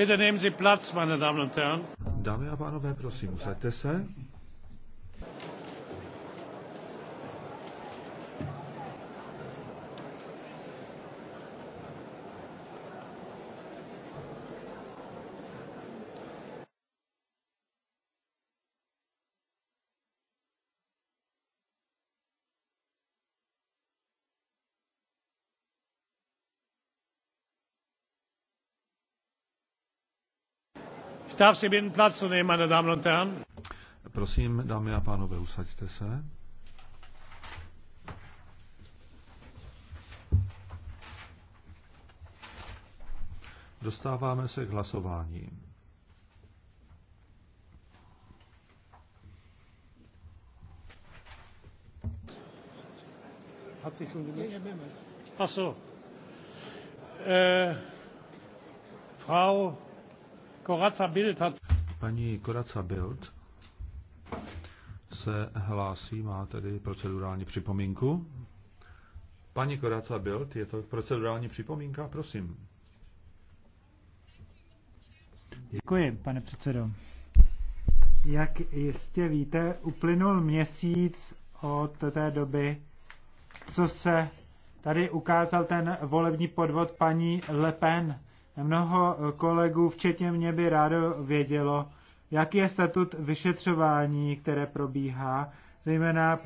Bitte nehmen Sie Platz, meine Damen und Herren. Dámy a pánové, prosím, usaďte se. Darf si bitten Platz zu nehmen, meine Damen und Herren? Prosím, dámy a pánové, usaďte se. Dostáváme se k hlasování. Hat sich schon gemischt? Ach so. Äh, Frau Koraca Bild hat... Paní Koraca Bild se hlásí, má tedy procedurální připomínku. Paní Koraca Bild, je to procedurální připomínka, prosím. Děkuji, pane předsedo. Jak jistě víte, uplynul měsíc od té doby, co se tady ukázal ten volební podvod paní Le Pen Mnoho eh, kolegů, včetně mě, by rádo vědělo, jaký je statut vyšetřování, které probíhá, zejména